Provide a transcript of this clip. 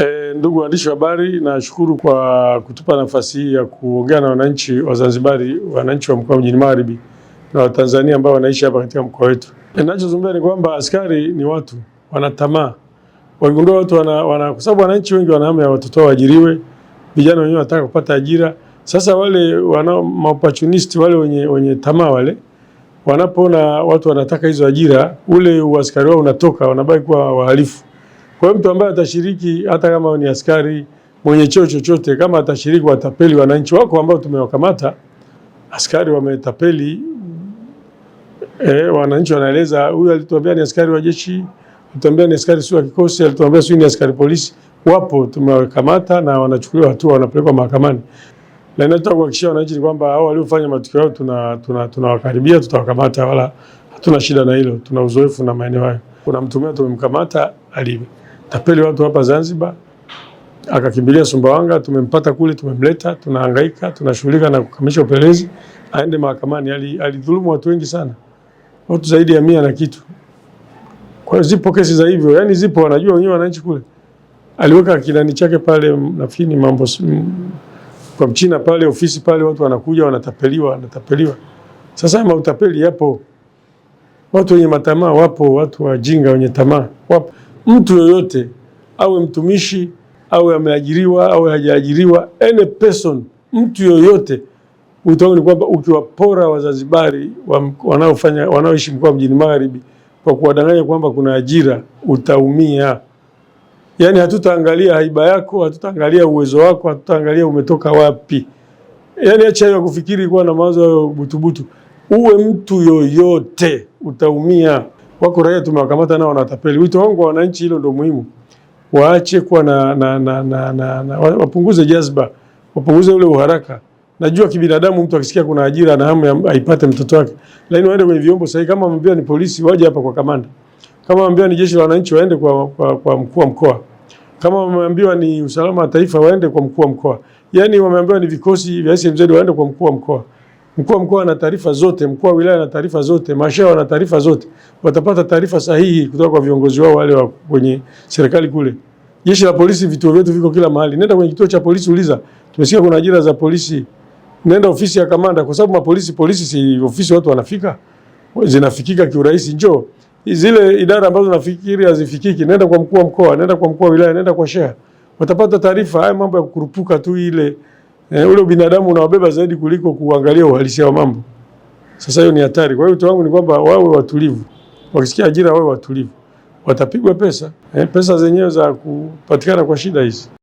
E, ndugu waandishi wa habari, nashukuru kwa kutupa nafasi hii ya kuongea na wananchi wa Zanzibari, wananchi wa mkoa mjini Magharibi na Watanzania ambao wanaishi hapa katika mkoa wetu. Eh, Ninachozungumza ni kwamba askari ni watu wana tamaa, wagundua watu wana, wana kwa sababu wananchi wengi wana hamu ya watoto waajiriwe, vijana wenyewe wanataka kupata ajira. Sasa wale wana maopportunist wale wenye, wenye tamaa wale wanapoona watu wanataka hizo ajira, ule uaskari wao unatoka, wanabaki kuwa wahalifu kwa hiyo mtu ambaye atashiriki hata kama ni askari mwenye cheo chochote, kama atashiriki watapeli wananchi wako ambao tumewakamata askari wametapeli. E, wananchi wanaeleza, huyu alituambia ni askari wa jeshi, alituambia ni askari sio wa kikosi, alituambia sio ni askari polisi. Wapo, tumewakamata na wanachukuliwa hatua, wanapelekwa mahakamani, na nataka kuhakikishia wananchi ni kwamba hao waliofanya matukio yao tuna tunawakaribia, tuna, tuna tutawakamata, wala hatuna shida na hilo, tuna uzoefu na maeneo hayo. Kuna mtu mmoja tumemkamata alivyo tapeli watu hapa Zanzibar, akakimbilia Sumbawanga. Tumempata kule, tumemleta, tunahangaika, tunashughulika na kukamilisha upelelezi, aende mahakamani. Alidhulumu watu wengi sana, watu zaidi ya mia na kitu. Kwa hiyo zipo kesi za hivyo, yani zipo, wanajua wenyewe wananchi kule. Aliweka kinani chake pale, nafikiri mambo kwa mchina pale, ofisi pale, watu wanakuja wanatapeliwa, wanatapeliwa. Sasa utapeli yapo, watu wenye matamaa wapo, watu wajinga wenye tamaa wapo mtu yoyote awe mtumishi awe ameajiriwa awe hajaajiriwa, any person, mtu yoyote. Wito wangu ni kwamba ukiwapora Wazanzibari wanaofanya wanaoishi mkoa mjini Magharibi kwa kuwadanganya kwamba kuna ajira, utaumia. yani hatutaangalia haiba yako, hatutaangalia uwezo wako, hatutaangalia umetoka wapi. yani acha hiyo kufikiri kuwa na mawazo hayo butubutu. Uwe mtu yoyote, utaumia wako raia tumewakamata nao wanatapeli. Wito wangu wa wananchi, hilo ndio muhimu, waache kuwa na, na, na, na, na, na wapunguze jazba, wapunguze ule uharaka. Najua kibinadamu mtu akisikia kuna ajira na hamu aipate mtoto wake, lakini waende kwenye vyombo sahihi. Kama wameambiwa ni polisi, waje hapa kwa kamanda. Kama wameambiwa ni jeshi la wananchi, waende kwa, kwa, kwa mkuu wa mkoa. Kama wameambiwa ni usalama wa taifa, waende kwa mkuu wa mkoa. Yani wameambiwa ni vikosi vya SMZ, waende kwa mkuu wa mkoa mkuu wa mkoa ana taarifa zote, mkuu wa wilaya ana taarifa zote, masheha ana taarifa zote, watapata taarifa sahihi kutoka kwa viongozi wao wale wa kwenye serikali kule. Jeshi la polisi, vituo vyetu viko kila mahali. Nenda kwenye kituo cha polisi, uliza, tumesikia kuna ajira za polisi. Nenda ofisi ya kamanda, kwa sababu mapolisi, polisi si ofisi watu wanafika, zinafikika kiurahisi. Njoo zile idara ambazo nafikiri hazifikiki, nenda kwa mkuu wa mkoa, nenda kwa mkuu wa wilaya, nenda kwa shehe, watapata taarifa. Haya mambo ya kukurupuka tu ile e, ule ubinadamu unawabeba zaidi kuliko kuangalia uhalisia wa mambo. Sasa hiyo ni hatari. Kwa hiyo wito wangu ni kwamba wawe watulivu, wakisikia ajira wawe watulivu, watapigwa pesa e, pesa zenyewe za kupatikana kwa shida hizi.